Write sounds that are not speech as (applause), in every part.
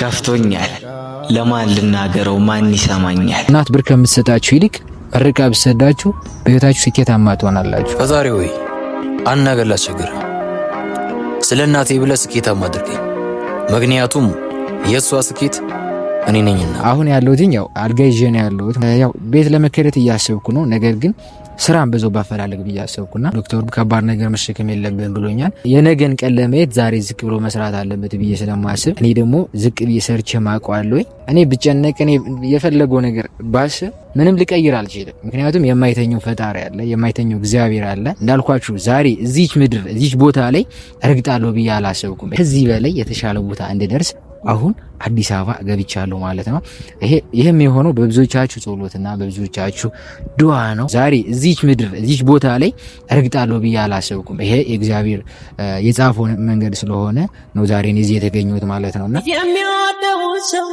ከፍቶኛል። ለማን ልናገረው? ማን ይሰማኛል? እናት ብር ከምትሰጣችሁ ይልቅ ርቃ ብትሰዳችሁ በህይወታችሁ ስኬታማ ትሆናላችሁ። ፈጣሪ ሆይ አንድ ነገር ላስቸግርህ፣ ስለ እናቴ ብለህ ስኬታማ አድርገኝ። ምክንያቱም የእሷ ስኬት እኔ ነኝና አሁን ያለሁት ያው አልጋ ይዤ ነው ያለሁት። ያው ቤት ለመከደት እያሰብኩ ነው። ነገር ግን ስራን ብዙ ባፈላለግ ብዬ አሰብኩና ዶክተሩ ከባድ ነገር መሸከም የለብን ብሎኛል። የነገን ቀን ለማየት ዛሬ ዝቅ ብሎ መስራት አለበት ብዬ ስለማስብ እኔ ደግሞ ዝቅ ብዬ ሰርቼ ማቋለኝ እኔ ብጨነቅ፣ እኔ የፈለገው ነገር ባስብ ምንም ልቀይር አልችልም። ምክንያቱም የማይተኘው ፈጣሪ አለ፣ የማይተኘው እግዚአብሔር አለ። እንዳልኳችሁ ዛሬ እዚች ምድር እዚች ቦታ ላይ እርግጣለሁ ብዬ አላሰብኩም። ከዚህ በላይ የተሻለ ቦታ እንድደርስ አሁን አዲስ አበባ ገብቻለሁ ማለት ነው። ይህም የሆነው በብዙዎቻችሁ ጸሎትና በብዙዎቻችሁ ድዋ ነው። ዛሬ እዚች ምድር እዚች ቦታ ላይ እርግጣለሁ ብዬ አላሰብኩም። ይሄ የእግዚአብሔር የጻፈው መንገድ ስለሆነ ነው ዛሬ እዚህ የተገኘሁት ማለት ነውና የሚወደውን ሰው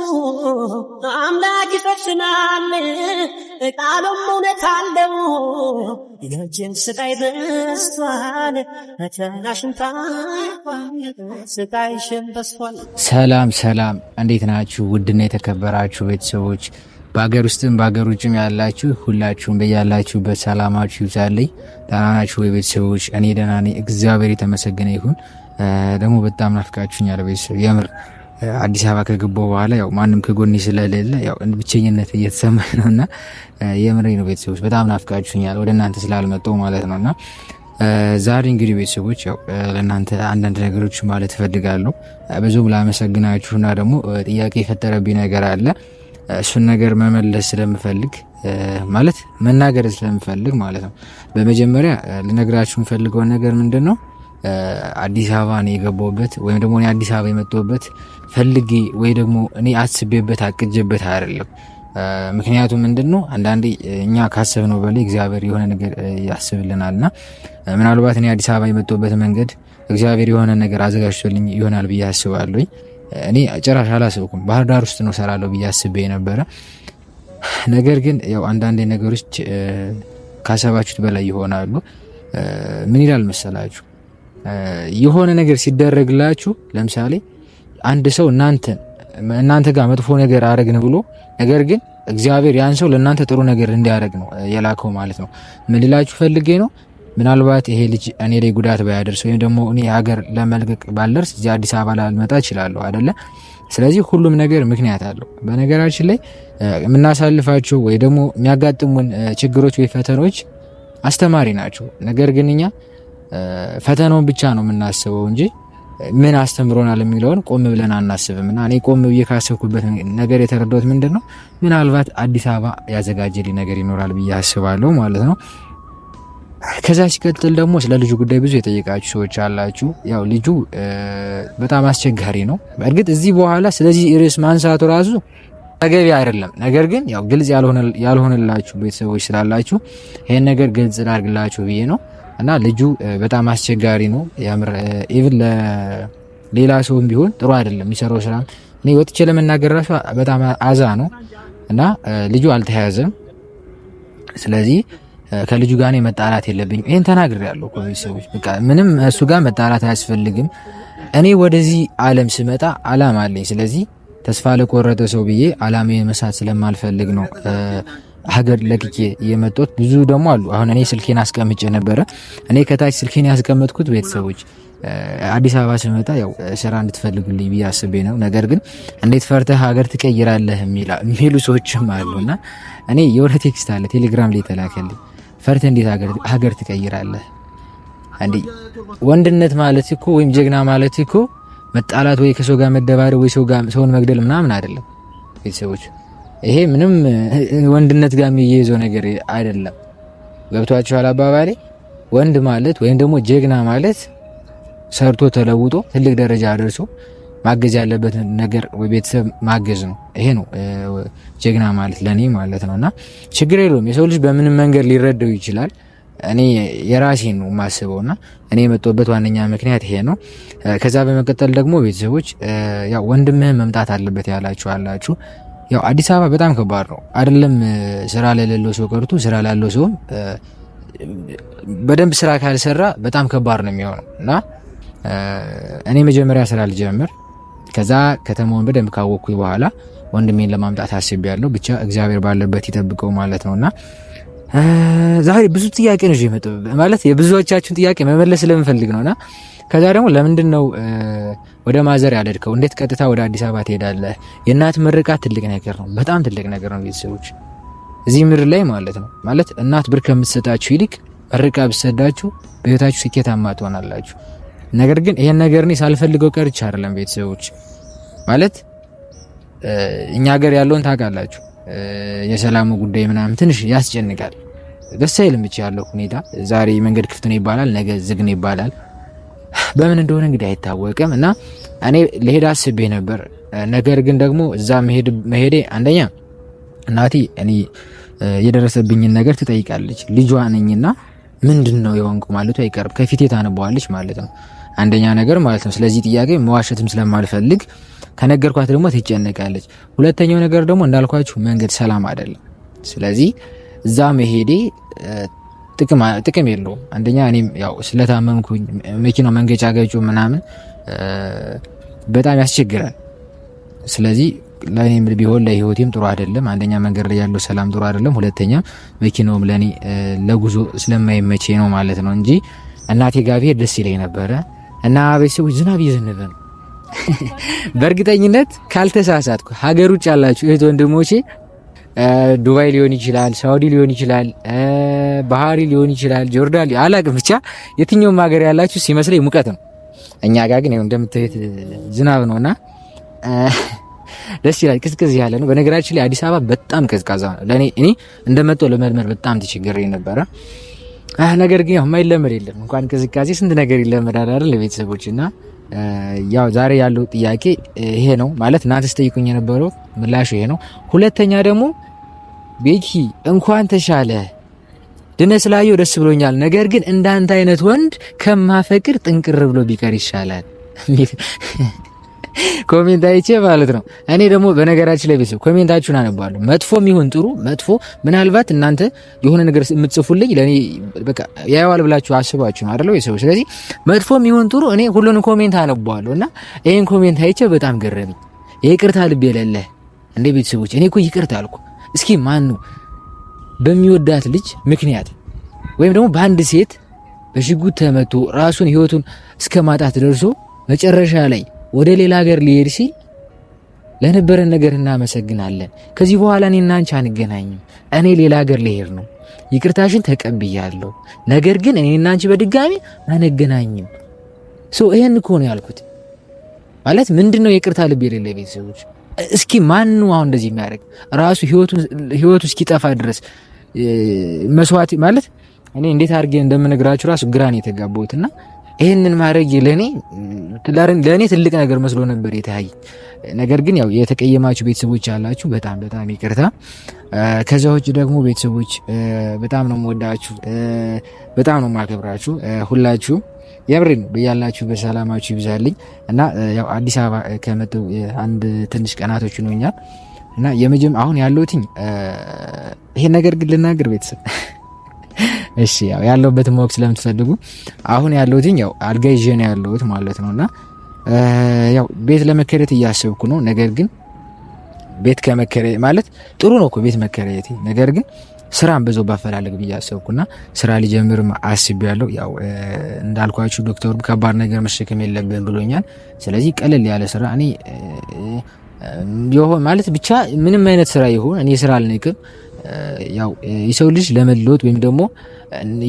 አምላክ ይፈጽማል። ቃሉም እውነት አለው። የእጅን ስቃይ በስቷል። መተናሽንታ ስቃይሽን በስቷል። ሰላም ሰላም እንዴት ናችሁ? ውድና የተከበራችሁ ቤተሰቦች በሀገር ውስጥም በሀገር ውጭም ያላችሁ ሁላችሁም በያላችሁበት ሰላማችሁ ይብዛልኝ። ደህና ናችሁ ወይ ቤተሰቦች? እኔ ደህና ነኝ፣ እግዚአብሔር የተመሰገነ ይሁን። ደግሞ በጣም ናፍቃችሁኛል ቤተሰብ የምር አዲስ አበባ ከገባሁ በኋላ ያው ማንም ከጎኔ ስለሌለ ያው ብቸኝነት እየተሰማኝ ነው እና የምሬ ነው ቤተሰቦች፣ በጣም ናፍቃችሁኛል ወደ እናንተ ስላልመጣሁ ማለት ነው እና ዛሬ እንግዲህ ቤተሰቦች ያው ለእናንተ አንዳንድ ነገሮች ማለት እፈልጋለሁ። ብዙም ላመሰግናችሁና ደግሞ ጥያቄ የፈጠረብኝ ነገር አለ። እሱን ነገር መመለስ ስለምፈልግ ማለት መናገር ስለምፈልግ ማለት ነው። በመጀመሪያ ልነግራችሁ የምፈልገውን ነገር ምንድን ነው አዲስ አበባ እኔ የገባሁበት ወይም ደግሞ እኔ አዲስ አበባ የመጣሁበት ፈልጌ ወይ ደግሞ እኔ አስቤበት አቅጄበት አይደለም። ምክንያቱም ምንድን ነው አንዳንዴ እኛ ካሰብነው በላይ እግዚአብሔር የሆነ ነገር ያስብልናል እና ምናልባት እኔ አዲስ አበባ የመጣሁበት መንገድ እግዚአብሔር የሆነ ነገር አዘጋጅቶልኝ ይሆናል ብዬ አስባለሁ። እኔ ጭራሽ አላስብኩም። ባህር ዳር ውስጥ ነው ሰራለሁ ብዬ አስቤ ነበረ። ነገር ግን ያው አንዳንዴ ነገሮች ካሰባችሁት በላይ ይሆናሉ። ምን ይላል መሰላችሁ የሆነ ነገር ሲደረግላችሁ ለምሳሌ አንድ ሰው እናንተ እናንተ ጋር መጥፎ ነገር አረግን ብሎ ነገር ግን እግዚአብሔር ያን ሰው ለእናንተ ጥሩ ነገር እንዲያደርግ ነው የላከው ማለት ነው። ምን ልላችሁ ፈልጌ ነው ምናልባት ይሄ ልጅ እኔ ላይ ጉዳት ባያደርስ ወይም ደግሞ እኔ ሀገር ለመልቀቅ ባልደርስ እዚህ አዲስ አበባ ላልመጣ እችላለሁ አይደለ? ስለዚህ ሁሉም ነገር ምክንያት አለው። በነገራችን ላይ የምናሳልፋቸው ወይ ደግሞ የሚያጋጥሙን ችግሮች ወይ ፈተኖች አስተማሪ ናቸው። ነገር ግን እኛ ፈተናውን ብቻ ነው የምናስበው እንጂ ምን አስተምሮናል የሚለውን ቆም ብለን አናስብም። እና እኔ ቆም ብዬ ካሰብኩበት ነገር የተረዳሁት ምንድን ነው፣ ምናልባት አዲስ አበባ ያዘጋጀልኝ ነገር ይኖራል ብዬ አስባለሁ ማለት ነው። ከዛ ሲቀጥል ደግሞ ስለ ልጁ ጉዳይ ብዙ የጠየቃችሁ ሰዎች አላችሁ። ያው ልጁ በጣም አስቸጋሪ ነው። በእርግጥ እዚህ በኋላ ስለዚህ ርዕስ ማንሳቱ ራሱ ተገቢ አይደለም። ነገር ግን ያው ግልጽ ያልሆነላችሁ ቤተሰቦች ስላላችሁ ይህን ነገር ግልጽ ላድርግላችሁ ብዬ ነው እና ልጁ በጣም አስቸጋሪ ነው። ያምር ኢቭን ለሌላ ሰውም ቢሆን ጥሩ አይደለም የሚሰራው ስራ። እኔ ወጥቼ ለመናገር ራሱ በጣም አዛ ነው እና ልጁ አልተያዘም። ስለዚህ ከልጁ ጋር እኔ መጣላት የለብኝም። ይህን ያለው እኮ ቤተሰቦች፣ በቃ ምንም እሱ ጋር መጣላት አያስፈልግም። እኔ ወደዚህ ዓለም ስመጣ አላማ አለኝ። ስለዚህ ተስፋ ለቆረጠ ሰው ብዬ አላማ መሳት ስለማልፈልግ ነው ሀገር ለቅቄ የመጡት ብዙ ደግሞ አሉ። አሁን እኔ ስልኬን አስቀምጬ ነበረ። እኔ ከታች ስልኬን ያስቀመጥኩት ቤተሰቦች አዲስ አበባ ስመጣ ያው ስራ እንድትፈልጉልኝ ብዬ አስቤ ነው። ነገር ግን እንዴት ፈርተህ ሀገር ትቀይራለህ የሚሉ ሰዎችም አሉ እና እኔ የወረ ቴክስት አለ ቴሌግራም ላይ ተላከልኝ ፈርተ እንዴት ሀገር ትቀይራለህ? አንዴ ወንድነት ማለት እኮ ወይም ጀግና ማለት እኮ መጣላት ወይ ከሰው ጋር መደባደብ ወይ ሰው ጋር ሰውን መግደል ምናምን አይደለም። ቤተሰቦች ይሄ ምንም ወንድነት ጋር የሚያይዘው ነገር አይደለም። ገብቷችኋል አባባሌ? ወንድ ማለት ወይም ደግሞ ጀግና ማለት ሰርቶ ተለውጦ ትልቅ ደረጃ አደርሶ ማገዝ ያለበት ነገር ቤተሰብ ማገዝ ነው። ይሄ ነው ጀግና ማለት ለእኔ ማለት ነው። እና ችግር የለውም የሰው ልጅ በምንም መንገድ ሊረዳው ይችላል። እኔ የራሴ ነው የማስበው እና እኔ የመጣሁበት ዋነኛ ምክንያት ይሄ ነው። ከዛ በመቀጠል ደግሞ ቤተሰቦች ያው ወንድምህን መምጣት አለበት ያላችሁ አላችሁ። ያው አዲስ አበባ በጣም ከባድ ነው አይደለም ስራ ለሌለው ሰው ቀርቶ ስራ ላለው ሰውም በደንብ ስራ ካልሰራ በጣም ከባድ ነው የሚሆነው እና እኔ መጀመሪያ ስራ ልጀምር ከዛ ከተማውን በደንብ ካወቅኩኝ በኋላ ወንድሜን ለማምጣት ያለው ብቻ እግዚአብሔር ባለበት ይጠብቀው ማለት ነውና ዛሬ ብዙ ጥያቄ ነው ይመጡ ማለት የብዙዎቻችሁን ጥያቄ መመለስ ስለምፈልግ ነውና ከዛ ደግሞ ለምንድን ነው ወደ ማዘር ያደድከው? እንዴት ቀጥታ ወደ አዲስ አበባ ትሄዳለህ? የእናት ምርቃት ትልቅ ነገር ነው፣ በጣም ትልቅ ነገር ነው። ቤተሰቦች እዚህ ምድር ላይ ማለት ነው ማለት እናት ብር ከምትሰጣችሁ ይልቅ ምርቃ ብትሰዳችሁ በህይወታችሁ ስኬታማ ትሆናላችሁ። ነገር ግን ይሄን ነገር እኔ ሳልፈልገው ቀርቼ አይደለም። ቤተሰቦች ማለት እኛ ሀገር ያለውን ታውቃላችሁ። የሰላሙ ጉዳይ ምናምን ትንሽ ያስጨንቃል። ደስ አይልም ብቻ ያለው ሁኔታ። ዛሬ መንገድ ክፍት ነው ይባላል፣ ነገ ዝግ ነው ይባላል። በምን እንደሆነ እንግዲህ አይታወቅም እና እኔ ልሄድ አስቤ ነበር። ነገር ግን ደግሞ እዛ መሄዴ አንደኛ እናቴ እኔ የደረሰብኝን ነገር ትጠይቃለች። ልጇ ነኝና ምንድን ነው የሆንኩ ማለቱ አይቀርም። ከፊቴ ታነበዋለች ማለት ነው። አንደኛ ነገር ማለት ነው። ስለዚህ ጥያቄ መዋሸትም ስለማልፈልግ ከነገርኳት ደግሞ ትጨነቃለች። ሁለተኛው ነገር ደግሞ እንዳልኳችሁ መንገድ ሰላም አይደለም። ስለዚህ እዛ መሄዴ ጥቅም የለውም። አንደኛ እኔም ያው ስለታመምኩኝ መኪናው መንገጫ ገጩ ምናምን በጣም ያስቸግራል። ስለዚህ ለእኔም ቢሆን ለህይወቴም ጥሩ አይደለም። አንደኛ መንገድ ላይ ያለው ሰላም ጥሩ አይደለም። ሁለተኛ መኪናውም ለእኔ ለጉዞ ስለማይመቼ ነው ማለት ነው እንጂ እናቴ ጋር ብሄድ ደስ ይለኝ ነበረ። እና ቤተሰቦች ዝናብ እየዘነበ ነው። (laughs) በእርግጠኝነት ካልተሳሳትኩ ሀገር ውጭ ያላችሁ እህት ወንድሞቼ ዱባይ ሊሆን ይችላል፣ ሳውዲ ሊሆን ይችላል፣ ባህሪ ሊሆን ይችላል፣ ጆርዳን አላቅም፣ ብቻ የትኛውም ሀገር ያላችሁ ሲመስለኝ ሙቀት ነው። እኛ ጋር ግን እንደምታዩት ዝናብ ነው እና ደስ ይላል። ቅዝቅዝ ያለ ነው። በነገራችን ላይ አዲስ አበባ በጣም ቀዝቃዛ ነው። ለእኔ እኔ እንደመጣሁ ለመልመድ በጣም ተቸግሬ ነበረ። ነገር ግን ያው የማይለመድ የለም እንኳን ቅዝቃዜ ስንት ነገር ይለመዳል አይደል? ለቤተሰቦች እና ያው ዛሬ ያለው ጥያቄ ይሄ ነው ማለት እናንተ ስጠይቁኝ የነበረው ምላሹ ይሄ ነው። ሁለተኛ ደግሞ ቤኪ እንኳን ተሻለ ድነ ስላየው ደስ ብሎኛል። ነገር ግን እንዳንተ አይነት ወንድ ከማፈቅር ጥንቅር ብሎ ቢቀር ይሻላል። ኮሜንት አይቼ ማለት ነው። እኔ ደግሞ በነገራችን ላይ ቤተሰብ ኮሜንታችሁን አነባለሁ። መጥፎም ይሁን ጥሩ መጥፎ፣ ምናልባት እናንተ የሆነ ነገር የምትጽፉልኝ ለእኔ በቃ ያየዋል ብላችሁ አስባችሁ ነው አደለው ቤተሰብ? ስለዚህ መጥፎም ይሁን ጥሩ እኔ ሁሉንም ኮሜንት አነባለሁ እና ይህን ኮሜንት አይቼ በጣም ገረመኝ። ይቅርታ ልብ የሌለ እንደ ቤተሰቦች እኔ እኮ ይቅርታ አልኩ። እስኪ ማን ነው በሚወዳት ልጅ ምክንያት ወይም ደግሞ በአንድ ሴት በሽጉጥ ተመቶ ራሱን ህይወቱን እስከ ማጣት ደርሶ መጨረሻ ላይ ወደ ሌላ ሀገር ሊሄድ ሲል ለነበረን ነገር እናመሰግናለን። ከዚህ በኋላ እኔና አንቺ አንገናኝም። እኔ ሌላ ሀገር ልሄድ ነው። ይቅርታሽን ተቀብያለሁ። ነገር ግን እኔና አንቺ በድጋሚ አንገናኝም። ሶ ይሄን እኮ ነው ያልኩት። ማለት ምንድነው የቅርታ ልብ የሌለ ቤተሰቦች እስኪ ማን ነው አሁን እንደዚህ የሚያደርግ ራሱ ህይወቱ እስኪጠፋ ድረስ መስዋዕት ማለት እኔ እንዴት አድርጌ እንደምነግራችሁ ራሱ ግራ ነው የተጋባሁትና ይህንን ማድረግ ለእኔ ለእኔ ትልቅ ነገር መስሎ ነበር የታይ ነገር ግን ያው የተቀየማችሁ ቤተሰቦች ያላችሁ በጣም በጣም ይቅርታ። ከዚያ ውጭ ደግሞ ቤተሰቦች በጣም ነው የምወዳችሁ፣ በጣም ነው የማከብራችሁ። ሁላችሁ የምሬን በያላችሁ በሰላማችሁ ይብዛልኝ እና ያው አዲስ አበባ ከመጡ አንድ ትንሽ ቀናቶች ይኖኛል እና የመጀመ አሁን ያለሁትኝ ይሄን ነገር ግን ልናገር ቤተሰብ እሺ ያው ያለሁበትን ማወቅ ስለምትፈልጉ አሁን ያለሁትኝ ያው አልጋ ይዤ ነው ያለሁት ማለት ነውና ያው ቤት ለመከራየት እያሰብኩ ነው። ነገር ግን ቤት ከመከራየት ማለት ጥሩ ነው እኮ ቤት መከራየት፣ ነገር ግን ስራን ብዙ ባፈላልግ ብዬ አሰብኩና ስራ ሊጀምርም አስቤያለሁ። ያው እንዳልኳችሁ ዶክተሩ ከባድ ነገር መሸከም የለብን ብሎኛል። ስለዚህ ቀለል ያለ ስራ እኔ ማለት ብቻ ምንም አይነት ስራ ይሁን እኔ ስራ አልንቅም። ያው የሰው ልጅ ለመለወጥ ወይም ደግሞ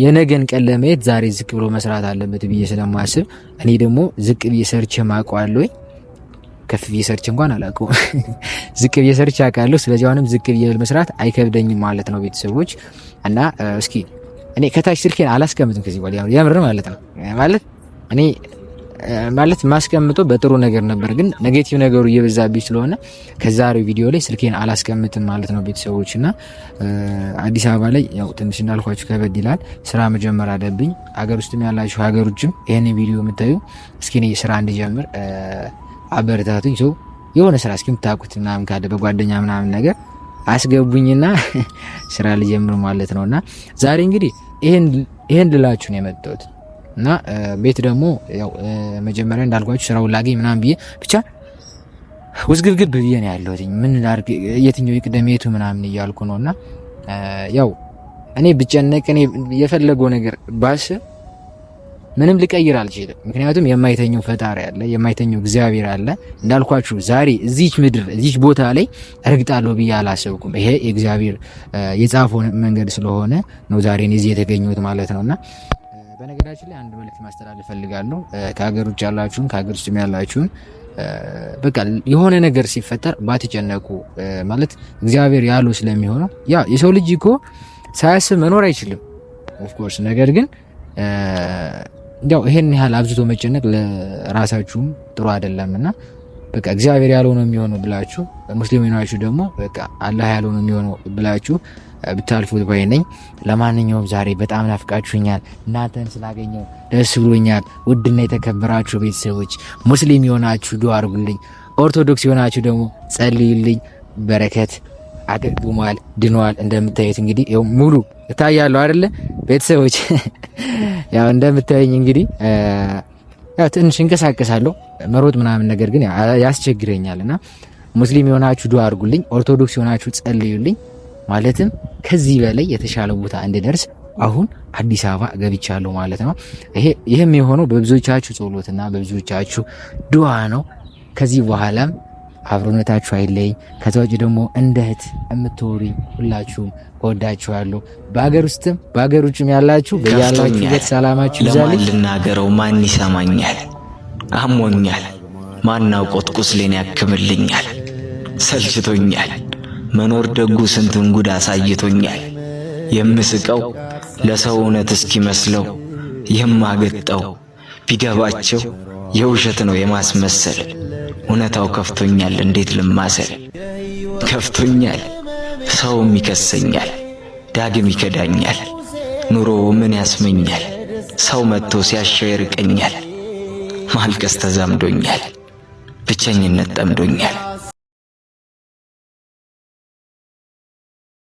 የነገን ቀን ለማየት ዛሬ ዝቅ ብሎ መስራት አለበት ብዬ ስለማስብ እኔ ደግሞ ዝቅ ብዬ ሰርቼ ማቋለኝ ከፍ ብዬ ሰርች እንኳን አላውቀውም፣ (laughs) ዝቅ ብዬ ሰርች አውቃለሁ። ስለዚህ አሁንም ዝቅ ብዬ መስራት አይከብደኝም ማለት ነው ቤተሰቦች። እና እስኪ እኔ ከታች ስልኬን አላስቀምጥም ከዚህ በኋላ የምር ማለት ነው ማለት እኔ ማለት ማስቀምጦ በጥሩ ነገር ነበር፣ ግን ኔጌቲቭ ነገሩ እየበዛብኝ ስለሆነ ከዛሬው ቪዲዮ ላይ ስልኬን አላስቀምጥም ማለት ነው ቤተሰቦች። እና አዲስ አበባ ላይ ያው ትንሽ እንዳልኳችሁ ከበድ ይላል፣ ስራ መጀመር አለብኝ። ሀገር ውስጥም ያላችሁ ሀገር ውጭም ይህን ቪዲዮ የምታዩ እስኪ እኔ ስራ እንድጀምር አበረታቱኝ። ሰው የሆነ ስራ እስኪ የምታውቁት ምናምን ካለ በጓደኛ ምናምን ነገር አስገቡኝና (laughs) ስራ ልጀምር ማለት ነውና ዛሬ እንግዲህ ይህን ልላችሁ ነው የመጣሁት። እና ቤት ደግሞ ያው መጀመሪያ እንዳልኳችሁ ስራውን ላገኝ ምናምን ብዬ ብቻ ውዝግብግብ ብዬ ነው ያለሁት። ምን ላድርግ፣ የትኛው ይቅደም፣ የቱ ምናምን እያልኩ ነው። እና ያው እኔ ብጨነቅ፣ እኔ የፈለገው ነገር ባስብ ምንም ልቀይር አልችልም። ምክንያቱም የማይተኘው ፈጣሪ አለ፣ የማይተኘው እግዚአብሔር አለ። እንዳልኳችሁ ዛሬ እዚች ምድር እዚች ቦታ ላይ እርግጣለሁ ብዬ አላሰብኩም። ይሄ የእግዚአብሔር የጻፈው መንገድ ስለሆነ ነው ዛሬ እዚህ የተገኘሁት ማለት ነውና በነገራችን ላይ አንድ መልዕክት ማስተላለፍ እፈልጋለሁ። ከሀገር ውጭ ያላችሁን ከሀገር ውስጥም ያላችሁን በቃ የሆነ ነገር ሲፈጠር ባትጨነቁ ማለት እግዚአብሔር ያሉ ስለሚሆነው ያ የሰው ልጅ እኮ ሳያስብ መኖር አይችልም ኦፍኮርስ። ነገር ግን ያው ይሄን ያህል አብዝቶ መጨነቅ ለራሳችሁም ጥሩ አይደለም እና በቃ እግዚአብሔር ያለው ነው የሚሆነው ብላችሁ ሙስሊም ናችሁ ደግሞ በቃ አላህ ያለው ነው የሚሆነው ብላችሁ ብታልፉ ባይ ነኝ። ለማንኛውም ዛሬ በጣም ናፍቃችሁኛል። እናንተን ስላገኘው ደስ ብሎኛል። ውድና የተከበራችሁ ቤተሰቦች ሙስሊም የሆናችሁ ዱ አድርጉልኝ፣ ኦርቶዶክስ የሆናችሁ ደግሞ ጸልዩልኝ። በረከት አገግሟል፣ ድኗል። እንደምታዩት እንግዲህ ሙሉ እታያለሁ አይደለ ቤተሰቦች? (laughs) ያው እንደምታዩኝ እንግዲህ ያው ትንሽ እንቀሳቀሳለሁ መሮጥ ምናምን ነገር ግን ያስቸግረኛል እና ሙስሊም የሆናችሁ ዱ አድርጉልኝ፣ ኦርቶዶክስ የሆናችሁ ጸልዩልኝ። ማለትም ከዚህ በላይ የተሻለ ቦታ እንድደርስ አሁን አዲስ አበባ ገብቻለሁ ማለት ነው። ይህም የሆነው በብዙዎቻችሁ ጸሎትና በብዙዎቻችሁ ድዋ ነው። ከዚህ በኋላም አብሮነታችሁ አይለይ። ከዛ ውጭ ደግሞ እንደ እህት የምትወሪ ሁላችሁም እወዳችኋለሁ። በሀገር ውስጥም በሀገር ውጭም ያላችሁ በያላችሁበት ሰላማችሁ ይብዛልኝ። ልናገረው ማን ይሰማኛል? አሞኛል፣ ማናውቆት ቁስሌን ያክምልኛል፣ ሰልችቶኛል መኖር ደጉ ስንቱን ጉድ አሳይቶኛል። የምስቀው ለሰው እውነት እስኪመስለው የማገጠው ቢገባቸው የውሸት ነው የማስመሰል እውነታው ከፍቶኛል፣ እንዴት ልማሰል ከፍቶኛል። ሰውም ይከሰኛል፣ ዳግም ይከዳኛል። ኑሮ ምን ያስመኛል? ሰው መጥቶ ሲያሻው ይርቀኛል። ማልቀስ ተዛምዶኛል፣ ብቸኝነት ጠምዶኛል።